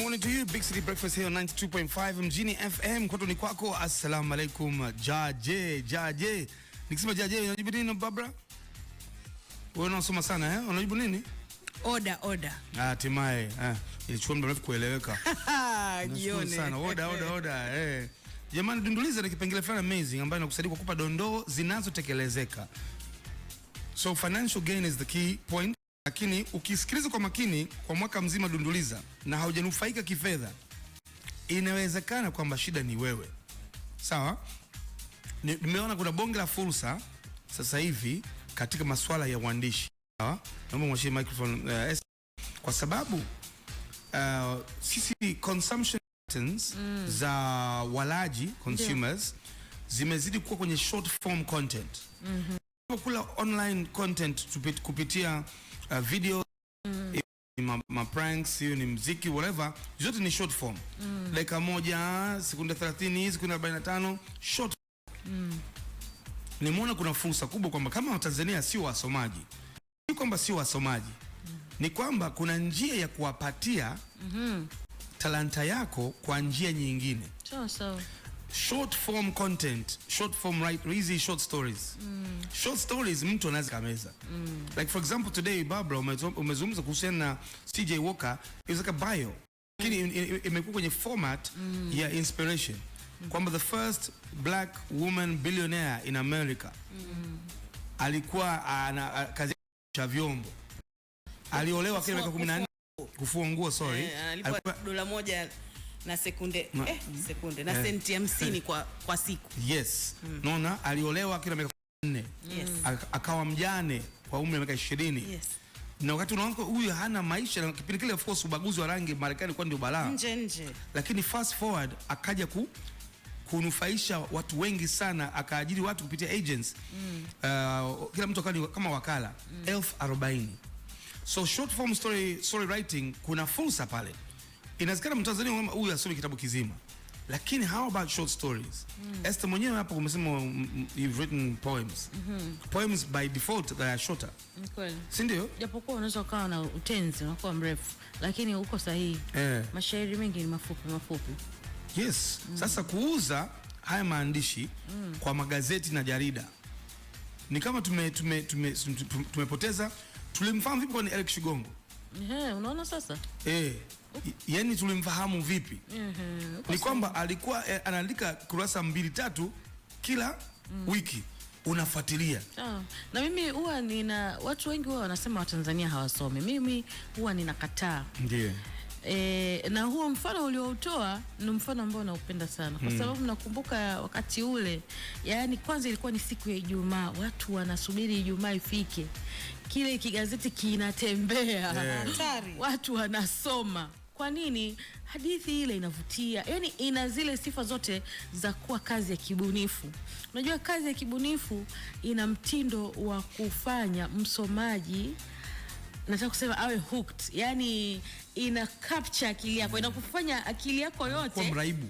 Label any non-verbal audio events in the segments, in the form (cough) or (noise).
morning to you Big City Breakfast here on 92.5 mjini FM kwetu ni kwako. Assalamu alaikum. Jaje, jaje. Nikisema jaje unajibu nini Barbara? Wewe unasoma sana eh? Unajibu nini? Oda, oda. Ah, hatimaye. Eh, ah, ilichukua muda mrefu kueleweka. (laughs) Jione. Sana. Oda, oda, oda. Eh. Jamani, dunduliza na kipengele fulani amazing ambayo inakusaidia kukupa dondoo zinazotekelezeka. So financial gain is the key point. Lakini ukisikiliza kwa makini kwa mwaka mzima dunduliza na haujanufaika kifedha, inawezekana kwamba shida ni wewe. Sawa, nimeona kuna bonge la fursa sasa hivi katika masuala ya uandishi. Sawa, naomba mwashie microphone uh, kwa sababu uh, sisi consumption patterns mm, za walaji consumers yeah, zimezidi kuwa kwenye short form content mm -hmm. kula online content kupitia uh, video mm. ma, ma pranks, hiyo ni mziki whatever, zote ni short form mm. dakika moja, sekunde 30, hizi kuna 45 short mm. Nimeona kuna fursa kubwa kwamba kama Watanzania sio wasomaji, si kwamba sio wasomaji mm. ni kwamba kuna njia ya kuwapatia mm -hmm. talanta yako kwa njia nyingine sawa so, sawa so short form content, short form right, easy short stories. Mm. Short stories mtu anaweza kameza. Mm. Like for example today babla umezungumza kuhusiana na CJ Walker, it was like a bio. Lakini mm. imekuwa kwenye format mm. ya inspiration. Mm. Kwamba the first black woman billionaire in America. Mm. Alikuwa ana kazi cha vyombo. Aliolewa kile miaka 14 kufua nguo sorry. eh, Alipata dola moja na sekunde na, eh, sekunde na eh, senti hamsini kwa, kwa siku yes mm. Naona aliolewa kila miaka nne yes. Akawa mjane kwa umri wa miaka ishirini yes. Na wakati unaona huyu hana maisha na kipindi kile, of course ubaguzi wa rangi Marekani kwa ndio balaa nje nje, lakini fast forward akaja ku kunufaisha watu wengi sana, akaajiri watu kupitia agents mm. Uh, kila mtu akawa kama wakala mm. elfu arobaini So short form story story writing kuna fursa pale mm inawezekana Mtanzania huyu asome kitabu kizima, lakini how about short stories? Mm. Esther mwenyewe hapo umesema mm, mm, you've written poems. Mm -hmm. Poems by default they are shorter. Kweli. Si ndio? Japokuwa unaweza kuwa na utenzi na kuwa mrefu, lakini uko sahihi. Eh. Mashairi mengi ni mafupi mafupi. Yes. Mm. Sasa kuuza haya maandishi mm. kwa magazeti na jarida ni kama tume, tume, tume, tume, tume Tulimfahamu vipi kwa ni Eric Shigongo? unaona sasa? Eh. Yaani tulimfahamu vipi? ni kwamba alikuwa eh, anaandika kurasa mbili tatu kila mm. wiki unafuatilia ah. Na mimi huwa nina watu wengi huwa wanasema Watanzania hawasomi, mimi huwa ninakataa. Ndiyo. E, na huo mfano ulioutoa ni mfano ambao naupenda sana kwa hmm. sababu nakumbuka wakati ule, yani kwanza ilikuwa ni siku ya Ijumaa, watu wanasubiri Ijumaa ifike, kile kigazeti kinatembea, eh. hatari yeah. watu wanasoma kwa nini? Hadithi ile inavutia, yani ina zile sifa zote za kuwa kazi ya kibunifu. Unajua, kazi ya kibunifu ina mtindo wa kufanya msomaji nataka kusema awe hooked, yani ina capture akili yako, mm. inakufanya akili yako yote kwa mraibu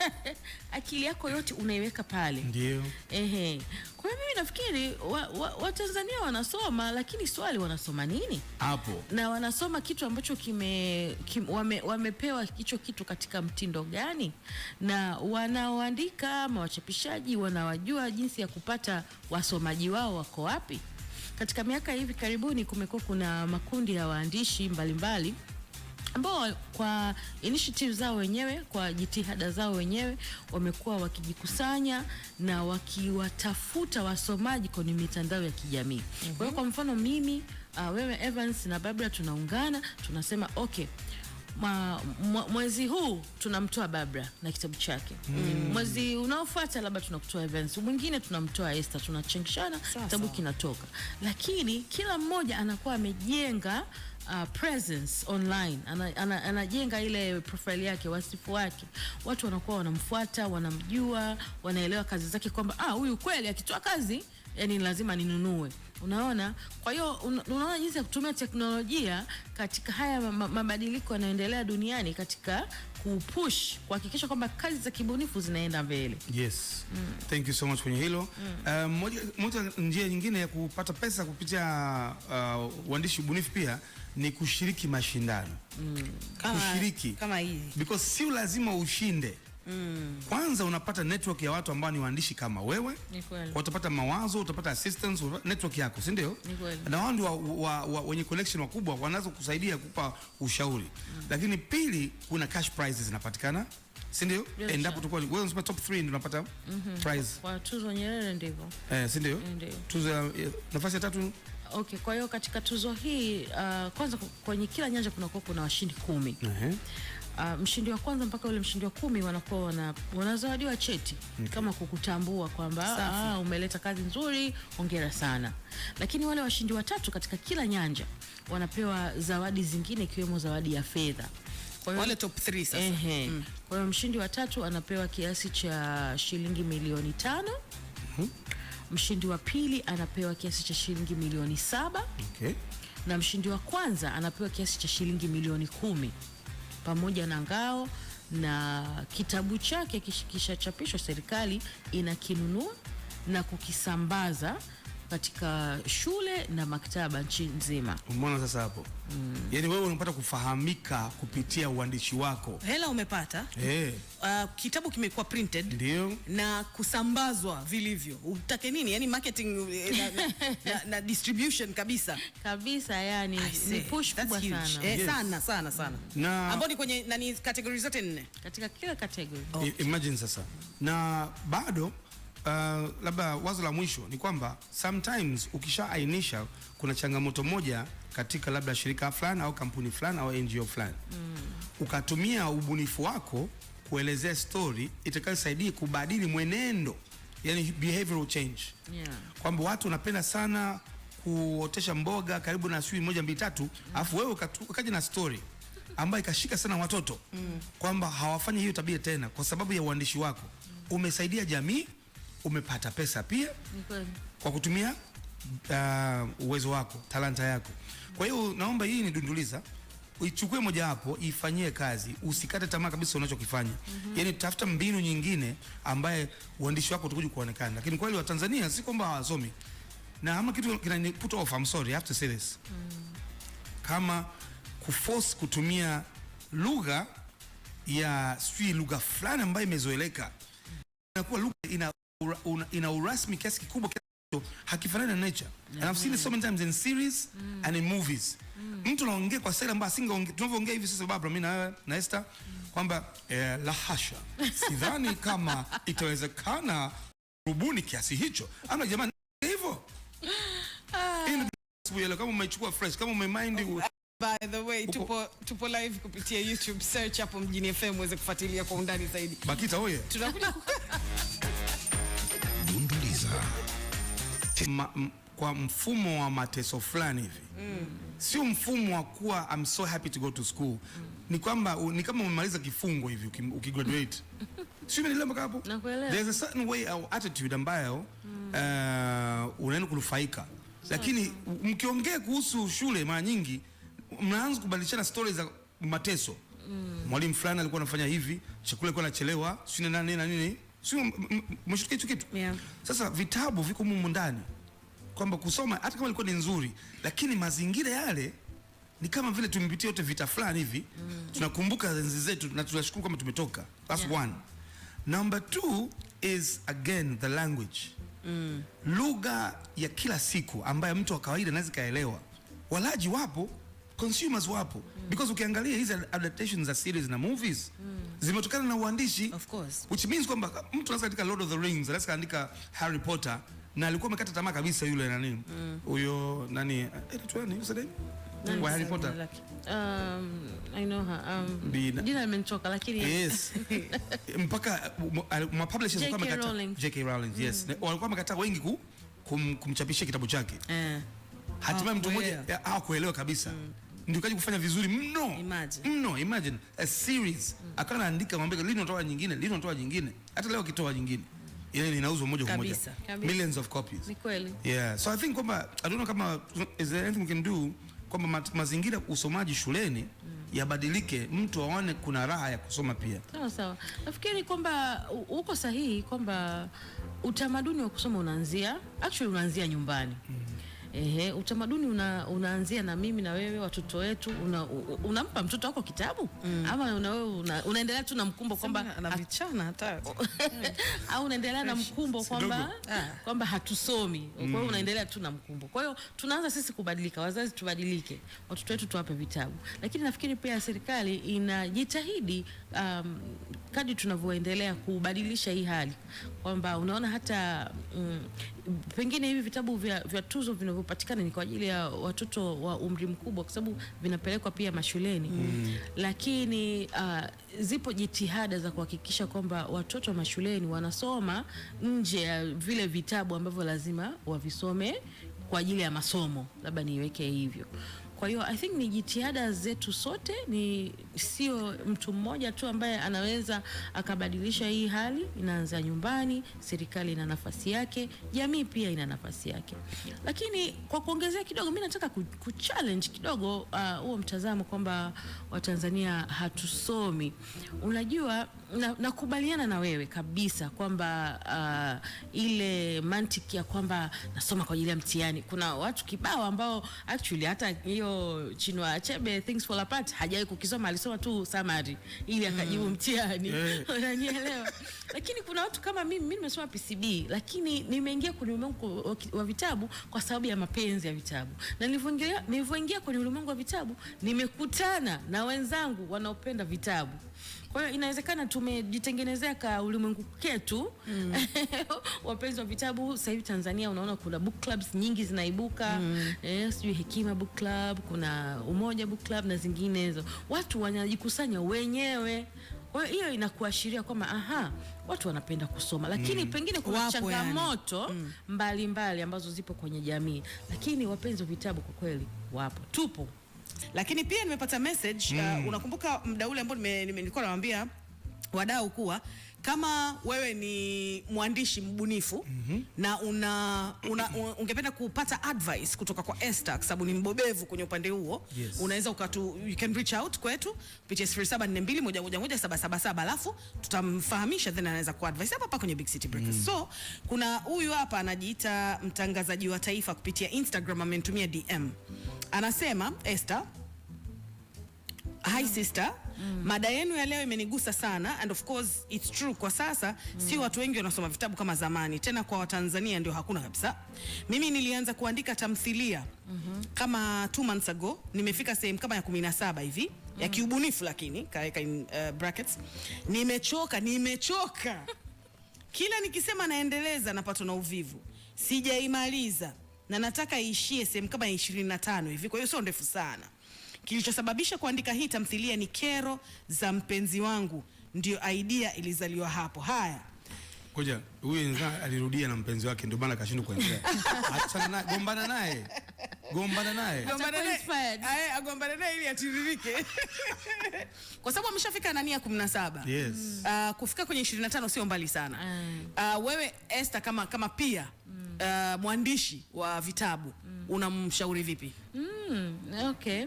(laughs) akili yako yote unaiweka pale, ndio ehe. Kwa hiyo mimi nafikiri Watanzania wa, wa wanasoma, lakini swali wanasoma nini hapo, na wanasoma kitu ambacho kime, kime wame, wamepewa hicho kitu katika mtindo gani, na wanaoandika ama wachapishaji wanawajua jinsi ya kupata wasomaji wao wako wapi? katika miaka hivi karibuni kumekuwa kuna makundi ya waandishi mbalimbali ambao kwa initiative zao wenyewe, kwa jitihada zao wenyewe, wamekuwa wakijikusanya na wakiwatafuta wasomaji kwenye mitandao ya kijamii. Kwa hiyo mm -hmm. Kwa mfano mimi uh, wewe Evans na Barbara tunaungana tunasema okay ma, mwezi huu tunamtoa Babra na kitabu chake mm. Mwezi unaofuata labda tunakutoa events mwingine tunamtoa Esther, tunachangishana kitabu kinatoka, lakini kila mmoja anakuwa amejenga Uh, presence online ana, anajenga ana ile profile yake, wasifu wake, watu wanakuwa wanamfuata, wanamjua, wanaelewa kazi zake kwamba ah, huyu kweli akitoa kazi yani lazima ninunue. Unaona, kwa hiyo un, unaona jinsi ya kutumia teknolojia katika haya mabadiliko yanayoendelea duniani katika kupush kuhakikisha kwamba kazi za kibunifu zinaenda mbele. Yes. Mm. Thank you so much kwenye hilo. Mm. Uh, moja njia nyingine ya kupata pesa kupitia uh, uandishi ubunifu pia ni kushiriki mashindano. Mm. Kama, kushiriki. Kama hii. Because si lazima ushinde mm. Kwanza unapata network ya watu ambao ni waandishi kama wewe, utapata mawazo, utapata assistance, network yako, si ndio? Na wao ndio wenye collection wakubwa, wanaweza kusaidia kupa ushauri mm. Lakini pili, kuna cash prizes zinapatikana si ndio? Endapo tukua wewe unasema top 3 ndio unapata mm -hmm. prize kwa tuzo Nyerere, ndivyo eh, si ndio? Ndio. Tuzo ya nafasi ya tatu. Okay, kwa hiyo katika tuzo hii uh, kwanza kwenye kila nyanja kuna kuna washindi kumi. uh -huh uh, mshindi wa kwanza mpaka ule mshindi wa kumi wanakuwa wana, wanazawadiwa cheti okay. kama kukutambua kwamba ah, umeleta kazi nzuri, hongera sana. Lakini wale washindi watatu katika kila nyanja wanapewa zawadi zingine ikiwemo zawadi ya fedha. Kwa hiyo wale top 3 sasa. Ehe. Mm. Kwa hiyo mshindi wa tatu anapewa kiasi cha shilingi milioni tano. Mm -hmm. Mshindi wa pili anapewa kiasi cha shilingi milioni saba. Okay. Na mshindi wa kwanza anapewa kiasi cha shilingi milioni kumi pamoja na ngao na kitabu chake kishachapishwa, serikali inakinunua na kukisambaza katika shule na maktaba nchi nzima. Umeona sasa hapo mm. Yaani wewe unapata kufahamika kupitia uandishi wako, hela umepata hey. Eh. Uh, kitabu kimekuwa printed ndio na kusambazwa vilivyo, utake nini yani marketing eh, na, na, (laughs) na na distribution kabisa kabisa, yani ni push kubwa sana. Eh, yes. sana sana sana na ambao ni kwenye nani category zote nne katika kila category. okay. Imagine sasa na bado Uh, labda wazo la mwisho ni kwamba sometimes ukishaainisha kuna changamoto moja katika labda shirika fulani au kampuni fulani au NGO fulani mm. Ukatumia ubunifu wako kuelezea story itakayosaidia kubadili mwenendo, yani behavioral change yeah. Kwamba watu wanapenda sana kuotesha mboga karibu na sui moja mbili tatu, mm. alafu mm. wewe ukaja na story ambayo ikashika sana watoto mm. kwamba hawafanyi hiyo tabia tena kwa sababu ya uandishi wako mm. umesaidia jamii umepata pesa pia Mkweli. kwa kutumia uh, uwezo wako, talanta yako. Kwa hiyo naomba hii ni dunduliza uichukue moja hapo, ifanyie kazi, usikate tamaa kabisa unachokifanya. mm -hmm. Yani tafuta mbinu nyingine ambaye uandishi wako utakuja kuonekana, lakini kweli Watanzania si kwamba hawasomi na hamna kitu kinaniput off, I'm sorry I have to say this mm. kama kuforce kutumia lugha ya sijui lugha fulani ambayo imezoeleka inakuwa lugha ina ura, una, ina urasmi kiasi kikubwa kiasi hakifanani na nature mm and I've seen it so many times in series mm and in movies mm mtu anaongea kwa staili ambayo asingeongea. Tunavyoongea hivi sasa, Barbara, mimi na wewe na Esther kwamba eh, la hasha, sidhani (laughs) kama itawezekana rubuni kiasi hicho, ama jamani hivyo ah. kama umechukua fresh kama umemind By the way, tupo, tupo live kupitia YouTube, search hapo Mjini FM uweze kufuatilia kwa undani zaidi. Bakita oye. Tunakuja (laughs) ma, m, kwa mfumo wa mateso fulani hivi mm. Sio mfumo wa kuwa I'm so happy to go to school mm. Ni kwamba ni kama umemaliza kifungo hivi ukigraduate (laughs) sio umeelewa mpaka hapo? Nakuelewa. There's a certain way or uh, attitude ambayo mm. uh, unaenda kunufaika lakini so. mkiongea kuhusu shule mara nyingi mnaanza kubadilishana stories za mateso mm. Mwalimu fulani alikuwa anafanya hivi, chakula kilikuwa anachelewa, sio na nini na nini sio mshiriki hicho kitu yeah. Sasa vitabu viko mumu ndani kwamba kusoma hata kama ilikuwa ni nzuri, lakini mazingira yale ni kama vile tumepitia yote vita fulani hivi mm. Tunakumbuka enzi zetu na tunashukuru kama tumetoka. That's yeah. One. Number two is again the language mm. Lugha ya kila siku ambayo mtu wa kawaida anaweza kaelewa, walaji wapo consumers wapo mm. because ukiangalia hizi adaptations za series na movies mm. zimetokana na uandishi of course, which means kwamba mtu anaweza andika Lord of the Rings, anaweza andika Harry Potter na alikuwa amekata tamaa kabisa yule mm. nani huyo eh, mm. nani anaitwa nani wa Harry Potter um, I know her um, jina limenitoka lakini yes (laughs) mpaka um, uh, ma publishers walikuwa wamekata J.K. Rowling yes mm. walikuwa wamekata wengi ku kumchapisha kitabu chake eh hatimaye mtu mmoja ah, hakuelewa kabisa mm, mm. Ndio kaji kufanya vizuri mno imagine. Mno imagine a series mm. Akawa anaandika mambo lini natoa nyingine, lini natoa nyingine, hata leo kitoa nyingine ile yaani inauzwa moja kwa moja millions of copies. Ni kweli. Yeah, so I think kwamba I don't know kama is there anything we can do kwamba mazingira usomaji shuleni mm yabadilike mtu aone kuna raha ya kusoma pia. Sawa sawa, nafikiri kwamba uko sahihi kwamba utamaduni wa kusoma unaanzia actually unaanzia nyumbani mm. Ehe, utamaduni una, unaanzia na mimi na wewe watoto wetu. Unampa una mtoto wako kitabu mm. ama una, una, unaendelea tu na mkumbo kwamba anavichana hata (laughs) au unaendelea na mkumbo kwamba ah. kwamba hatusomi. Kwa hiyo mm. unaendelea tu na mkumbo. Kwa hiyo tunaanza sisi kubadilika, wazazi tubadilike, watoto wetu tuwape vitabu, lakini nafikiri pia serikali inajitahidi um, kadi tunavyoendelea kubadilisha hii hali kwamba unaona hata um, pengine hivi vitabu vya, vya tuzo vinavyopatikana ni kwa ajili ya watoto wa umri mkubwa, kwa sababu vinapelekwa pia mashuleni mm. Lakini uh, zipo jitihada za kuhakikisha kwamba watoto mashuleni wanasoma nje ya vile vitabu ambavyo lazima wavisome kwa ajili ya masomo, labda niweke hivyo. Kwa hiyo I think ni jitihada zetu sote, ni sio mtu mmoja tu ambaye anaweza akabadilisha hii hali. Inaanza nyumbani, serikali ina nafasi yake, jamii pia ina nafasi yake. Lakini kwa kuongezea kidogo, mimi nataka kuchallenge kidogo uh, huo uh, mtazamo kwamba Watanzania hatusomi. Unajua, nakubaliana na, na wewe kabisa kwamba uh, ile mantiki ya kwamba nasoma kwa ajili ya mtihani, kuna watu kibao ambao actually hata hiyo huyo Chinua Achebe Things Fall Apart hajawahi kukisoma, alisoma tu summary ili hmm. akajibu mm. mtihani yeah. (laughs) unanielewa? Lakini kuna watu kama mimi, mimi nimesoma PCB, lakini nimeingia kwenye ulimwengu wa vitabu kwa sababu ya mapenzi ya vitabu, na nilivyoingia nilivyoingia kwenye ulimwengu wa vitabu nimekutana na wenzangu wanaopenda vitabu kwa hiyo inawezekana tumejitengenezea ka ulimwengu ketu mm. (laughs) wapenzi wa vitabu. Sasa hivi Tanzania unaona kuna book clubs nyingi zinaibuka mm. eh, sijui Hekima book club, kuna Umoja book club na zingine watu wanajikusanya wenyewe kwa hiyo inakuashiria kwamba aha, watu wanapenda kusoma, lakini mm. pengine kuna changamoto yani. mm. mbalimbali ambazo zipo kwenye jamii, lakini wapenzi wa vitabu kwa kweli wapo, tupo. Lakini pia nimepata message mm. Uh, hmm. unakumbuka mda ule ambao nilikuwa nawaambia wadau kuwa kama wewe ni mwandishi mbunifu mm -hmm. na una, una, una, ungependa kupata advice kutoka kwa Esther kwa sababu ni mbobevu kwenye upande huo yes. Unaweza ukatu you can reach out kwetu kupitia 0742111777 alafu tutamfahamisha then anaweza ku advice hapa hapa kwenye Big City Breakfast mm. hmm So kuna huyu hapa anajiita mtangazaji wa taifa kupitia Instagram amenitumia DM anasema Esther, hi sister Mm. Mada yenu ya leo imenigusa sana and of course it's true. Kwa sasa mm. si watu wengi wanasoma vitabu kama zamani tena, kwa Watanzania ndio hakuna kabisa. Mimi nilianza kuandika tamthilia mm -hmm. kama two months ago, nimefika sehemu kama ya 17 hivi mm. ya kiubunifu, lakini kaweka in uh, brackets, nimechoka nimechoka (laughs) kila nikisema naendeleza napatwa na uvivu, sijaimaliza na nataka iishie sehemu kama 25 hivi, kwa hiyo sio ndefu sana. Kilichosababisha kuandika hii tamthilia ni kero za mpenzi wangu, ndio idea ilizaliwa hapo. Haya, ngoja huyu alirudia na mpenzi wake, ndio maana kashindwa kuendelea. (laughs) Achana naye, gombana naye. Gombana naye. Agombana naye ili atiririke. (laughs) Kwa sababu ameshafika ya 17. Yes. Uh, kufika kwenye 25 sio mbali sana. Mm. Uh, wewe Esther kama kama pia mm. uh, mwandishi wa vitabu mm. unamshauri vipi? Mm, okay.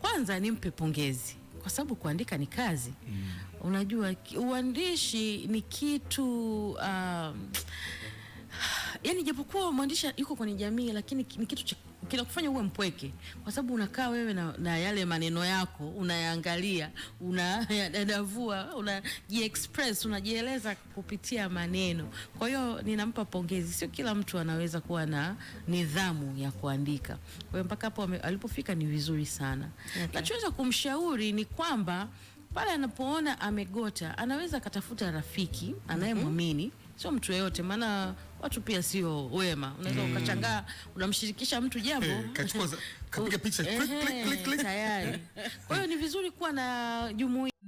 Kwanza nimpe pongezi kwa sababu kuandika ni kazi. Mm. Unajua uandishi ni kitu um, (sighs) yani japokuwa mwandishi yuko kwenye jamii lakini ni kitu kinakufanya uwe mpweke, kwa sababu unakaa wewe na, na yale maneno yako unayaangalia, unayadadavua, unajiexpress, unajieleza kupitia maneno. Kwa hiyo ninampa pongezi, sio kila mtu anaweza kuwa na nidhamu ya kuandika. Kwa hiyo mpaka hapo alipofika ni vizuri sana. Okay. Nachoweza kumshauri ni kwamba pale anapoona amegota, anaweza akatafuta rafiki anayemwamini mm -hmm sio mtu yeyote, maana watu pia sio wema. Unaweza mm. ukachangaa unamshirikisha mtu jambo eh, kapiga picha (laughs) tayari. Kwa hiyo ni vizuri kuwa na jumuiya